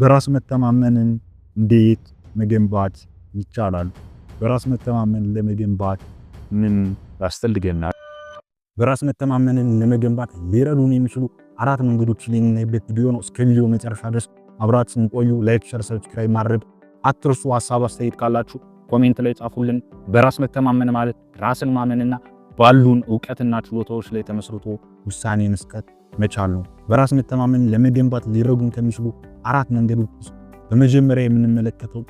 በራስ መተማመንን እንዴት መገንባት ይቻላል? በራስ መተማመን ለመገንባት ምን ያስፈልገናል? በራስ መተማመንን ለመገንባት ሊረዱን የሚችሉ አራት መንገዶች የምናይበት ቪዲዮ ነው። እስከ ቪዲዮ መጨረሻ ድረስ አብራችን ቆዩ። ላይክ፣ ሸር፣ ሰብስክራይብ ማድረግ አትርሱ። ሀሳብ አስተያየት ካላችሁ ኮሜንት ላይ ጻፉልን። በራስ መተማመን ማለት ራስን ማመንና ባሉን እውቀትና ችሎታዎች ላይ ተመስርቶ ውሳኔ መስጠት መቻል ነው። በራስ መተማመን ለመገንባት ሊረጉን ከሚችሉ አራት መንገዶች ውስጥ በመጀመሪያ የምንመለከተው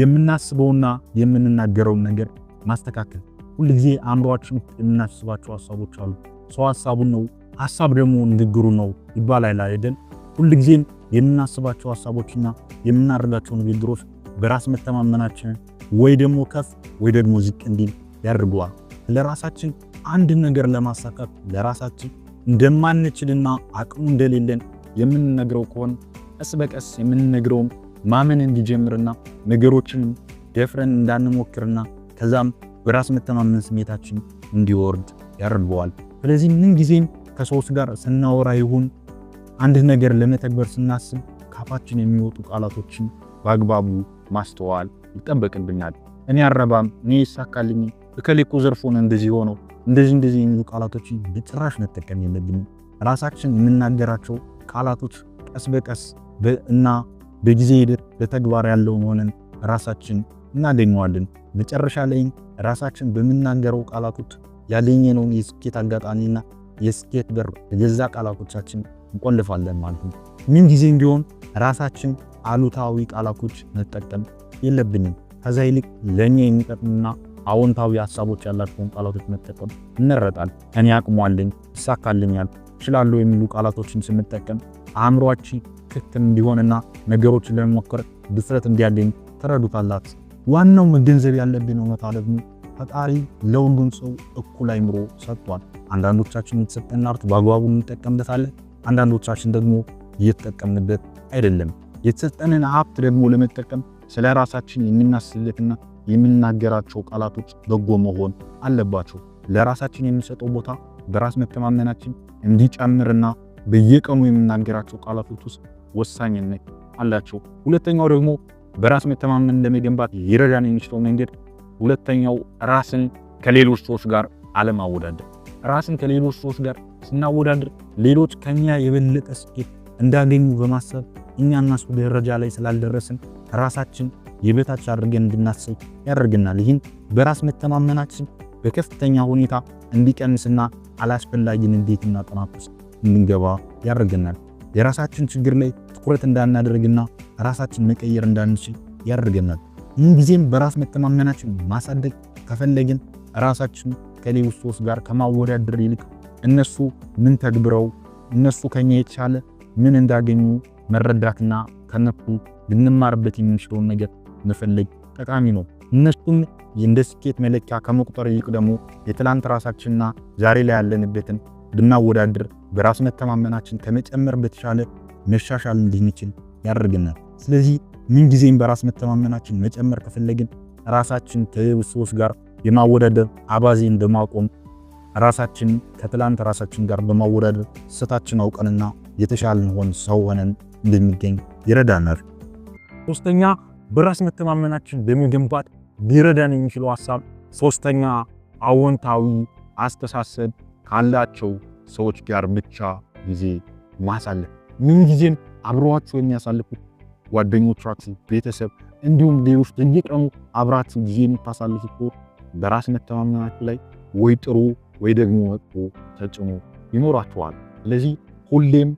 የምናስበውና የምንናገረውን ነገር ማስተካከል። ሁልጊዜ አእምሯችን ውስጥ የምናስባቸው ሀሳቦች አሉ። ሰው ሀሳቡ ነው፣ ሀሳብ ደግሞ ንግግሩ ነው ይባላል አይደል? ሁልጊዜም የምናስባቸው ሀሳቦችና የምናደርጋቸው ንግግሮች በራስ መተማመናችን ወይ ደግሞ ከፍ ወይ ደግሞ ዝቅ እንዲል ያደርገዋል። ለራሳችን አንድ ነገር ለማሳካት ለራሳችን እንደማንችልና አቅሙ እንደሌለን የምንነግረው ከሆነ ቀስ በቀስ የምንነግረውም ማመን እንዲጀምርና ነገሮችንም ደፍረን እንዳንሞክርና ከዛም በራስ መተማመን ስሜታችን እንዲወርድ ያደርገዋል። ስለዚህ ምን ጊዜም ከሰዎች ጋር ስናወራ ይሁን አንድ ነገር ለመተግበር ስናስብ ካፋችን የሚወጡ ቃላቶችን በአግባቡ ማስተዋል ይጠበቅብናል። እኔ አረባም፣ እኔ ይሳካልኝ፣ እከሌ እኮ ዘርፎን እንደዚህ ሆነው እንደዚህ እንደዚህ የሚሉ ቃላቶችን በጭራሽ መጠቀም የለብንም። ራሳችን የምናገራቸው ቃላቶች ቀስ በቀስ እና በጊዜ ሂደት በተግባር ያለው መሆንን ራሳችን እናገኘዋለን። መጨረሻ ላይም ራሳችን በምናገረው ቃላቶች ያገኘነውን የስኬት አጋጣሚና የስኬት በር የገዛ ቃላቶቻችን እንቆልፋለን ማለት ነው። ምን ጊዜም ቢሆን ራሳችን አሉታዊ ቃላቶች መጠቀም የለብንም። ከዛ ይልቅ ለእኛ የሚጠቅምና አዎንታዊ ሀሳቦች ያላቸውን ቃላቶች መጠቀም እንረጣል። እኔ አቅሟልኝ፣ ይሳካልኛል፣ እችላለሁ የሚሉ ቃላቶችን ስንጠቀም አእምሯችን ክፍት እንዲሆንና ነገሮችን ለመሞከር ብስረት እንዲያለኝ ተረዱታላት። ዋናው መገንዘብ ያለብን እውነታ ደግሞ ፈጣሪ ለሁሉም ሰው እኩል አይምሮ ሰጥቷል። አንዳንዶቻችን የተሰጠን ሀብት በአግባቡ እንጠቀምበታለን፣ አንዳንዶቻችን ደግሞ እየተጠቀምንበት አይደለም። የተሰጠንን ሀብት ደግሞ ለመጠቀም ስለ ራሳችን የምናስብለትና የምናገራቸው ቃላቶች በጎ መሆን አለባቸው። ለራሳችን የምንሰጠው ቦታ በራስ መተማመናችን እንዲጨምርና በየቀኑ የምናገራቸው ቃላቶች ውስጥ ወሳኝነት አላቸው። ሁለተኛው ደግሞ በራስ መተማመን ለመገንባት ይረዳን የሚችለው መንገድ ሁለተኛው ራስን ከሌሎች ሰዎች ጋር አለማወዳደር። ራስን ከሌሎች ሰዎች ጋር ስናወዳደር ሌሎች ከኛ የበለጠ ስኬት እንዳገኙ በማሰብ እኛ እነሱ ደረጃ ላይ ስላልደረስን ራሳችን የበታች አድርገን እንድናስብ ያደርገናል። ይህን በራስ መተማመናችን በከፍተኛ ሁኔታ እንዲቀንስና አላስፈላጊ ንዴትና ጥናት ውስጥ እንድንገባ ያደርገናል። የራሳችን ችግር ላይ ትኩረት እንዳናደርግና ራሳችን መቀየር እንዳንችል ያደርገናል። ይህን ጊዜም በራስ መተማመናችን ማሳደግ ከፈለግን ራሳችን ከሌሎች ሰዎች ጋር ከማወዳደር ይልቅ እነሱ ምን ተግብረው እነሱ ከኛ የተሻለ ምን እንዳገኙ መረዳትና ከነሱ ልንማርበት የምንችለውን ነገር መፈለግ ጠቃሚ ነው። እነሱም እንደ ስኬት መለኪያ ከመቁጠር ይልቅ ደግሞ የትላንት ራሳችንና ዛሬ ላይ ያለንበትን ብናወዳድር በራስ መተማመናችን ከመጨመር በተሻለ መሻሻል እንድንችል ያደርግናል። ስለዚህ ምንጊዜም በራስ መተማመናችን መጨመር ከፈለግን ራሳችን ከሰዎች ጋር የማወዳደር አባዜ እንደማቆም ራሳችን ከትላንት ራሳችን ጋር በማወዳደር ስህተታችን አውቀንና የተሻለን ሆን ሰው ሆነን እንደሚገኝ ይረዳናል። ሶስተኛ በራስ መተማመናችን ለመገንባት ሊረዳን የሚችለው ሀሳብ ሶስተኛ አዎንታዊ አስተሳሰብ ካላቸው ሰዎች ጋር ብቻ ጊዜ ማሳለፍ። ምን ጊዜም አብረዋቸው የሚያሳልፉት ጓደኞቻችሁ፣ ቤተሰብ እንዲሁም ሌሎች በየቀኑ አብራችሁ ጊዜ የምታሳልፉ እኮ በራስ መተማመናችሁ ላይ ወይ ጥሩ ወይ ደግሞ መጥፎ ተጽዕኖ ይኖራችኋል። ስለዚህ ሁሌም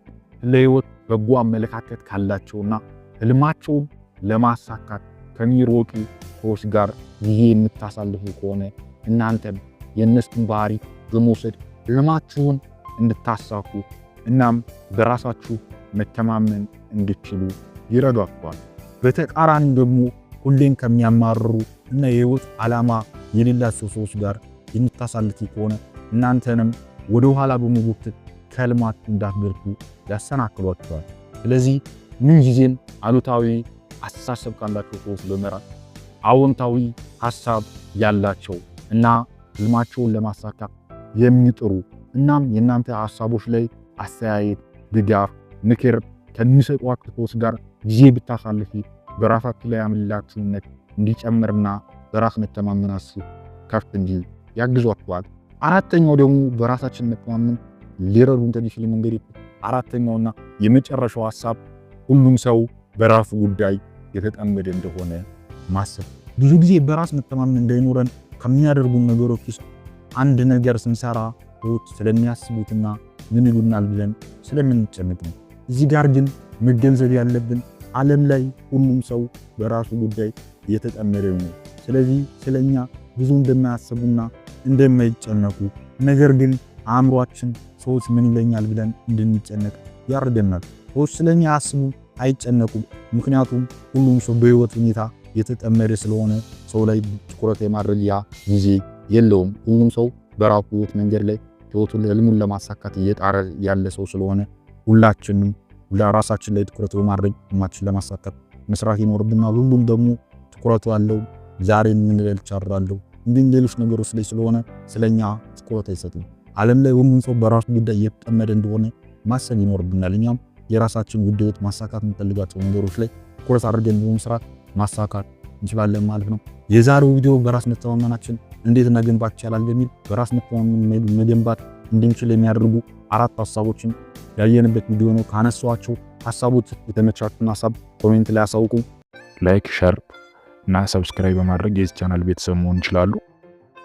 ለህይወት በጎ አመለካከት ካላቸውና ህልማቸውን ለማሳካት ከሚሮጡ ሰዎች ጋር ጊዜ የምታሳልፉ ከሆነ እናንተም የእነሱን ባህሪ በመውሰድ ህልማችሁን እንድታሳኩ እናም በራሳችሁ መተማመን እንድችሉ ይረዷቸዋል። በተቃራኒ ደግሞ ሁሌም ከሚያማርሩ እና የህይወት ዓላማ የሌላቸው ሰዎች ጋር የምታሳልፉ ከሆነ እናንተንም ወደ ኋላ በመጎተት ከህልማችሁ እንዳትደርሱ ያሰናክሏቸዋል። ስለዚህ ጊዜም አሉታዊ አስተሳሰብ ካላቸው ሰዎች በመራት አዎንታዊ ሀሳብ ያላቸው እና ህልማቸውን ለማሳካት የሚጥሩ እናም የእናንተ ሀሳቦች ላይ አስተያየት፣ ድጋፍ፣ ምክር ከሚሰጡ ሰዎች ጋር ጊዜ ብታሳልፊ በራሳችሁ ላይ አምላክነት እንዲጨምርና በራስ መተማመናችሁ ከፍ እንዲል ያግዟችኋል። አራተኛው ደግሞ በራሳችን መተማመን ሊረዱን ከሚችሉ መንገድ አራተኛውና የመጨረሻው ሀሳብ ሁሉም ሰው በራሱ ጉዳይ የተጠመደ እንደሆነ ማሰብ ብዙ ጊዜ በራስ መተማመን እንዳይኖረን ከሚያደርጉን ነገሮች ውስጥ አንድ ነገር ስንሰራ ሰዎች ስለሚያስቡትና ምን ይሉናል ብለን ስለምንጨነቅ ነው። እዚህ ጋር ግን መገንዘብ ያለብን ዓለም ላይ ሁሉም ሰው በራሱ ጉዳይ የተጠመደ ነው። ስለዚህ ስለኛ ብዙ እንደማያስቡና እንደማይጨነቁ ነገር ግን አእምሯችን ሰዎች ምን ይለኛል ብለን እንድንጨነቅ ያርደናል። ሰዎች ስለኛ አያስቡ አይጨነቁም። ምክንያቱም ሁሉም ሰው በህይወት ሁኔታ የተጠመደ ስለሆነ ሰው ላይ ትኩረት የማድረግ ያ ጊዜ የለውም። ሁሉም ሰው በራሱ ህይወት መንገድ ላይ ህይወቱን ህልሙን ለማሳካት እየጣረ ያለ ሰው ስለሆነ ሁላችንም ራሳችን ላይ ትኩረት በማድረግ ህልማችን ለማሳካት መስራት ይኖርብናል። ሁሉም ደግሞ ትኩረቱ አለው ዛሬ ምን ላይ ልቻራለሁ ሌሎች ነገሮች ላይ ስለሆነ ስለኛ ትኩረት አይሰጥም። ዓለም ላይ ሁሉም ሰው በራሱ ጉዳይ እየተጠመደ እንደሆነ ማሰብ ይኖርብናል እኛም የራሳችን ውድት ማሳካት የምንፈልጋቸው ነገሮች ላይ ኮርስ አድርገን ብዙ ስራ ማሳካት እንችላለን ማለት ነው። የዛሬው ቪዲዮ በራስ መተማመናችን እንዴት እናገንባት ይቻላል በሚል በራስ መተማመን መገንባት እንድንችል የሚያደርጉ አራት ሀሳቦችን ያየንበት ቪዲዮ ነው። ካነሷቸው ሀሳቦች የተመቻችሁን ሀሳብ ኮሜንት ላይ አሳውቁ። ላይክ፣ ሸር እና ሰብስክራይብ በማድረግ የዚህ ቻናል ቤተሰብ መሆን ይችላሉ።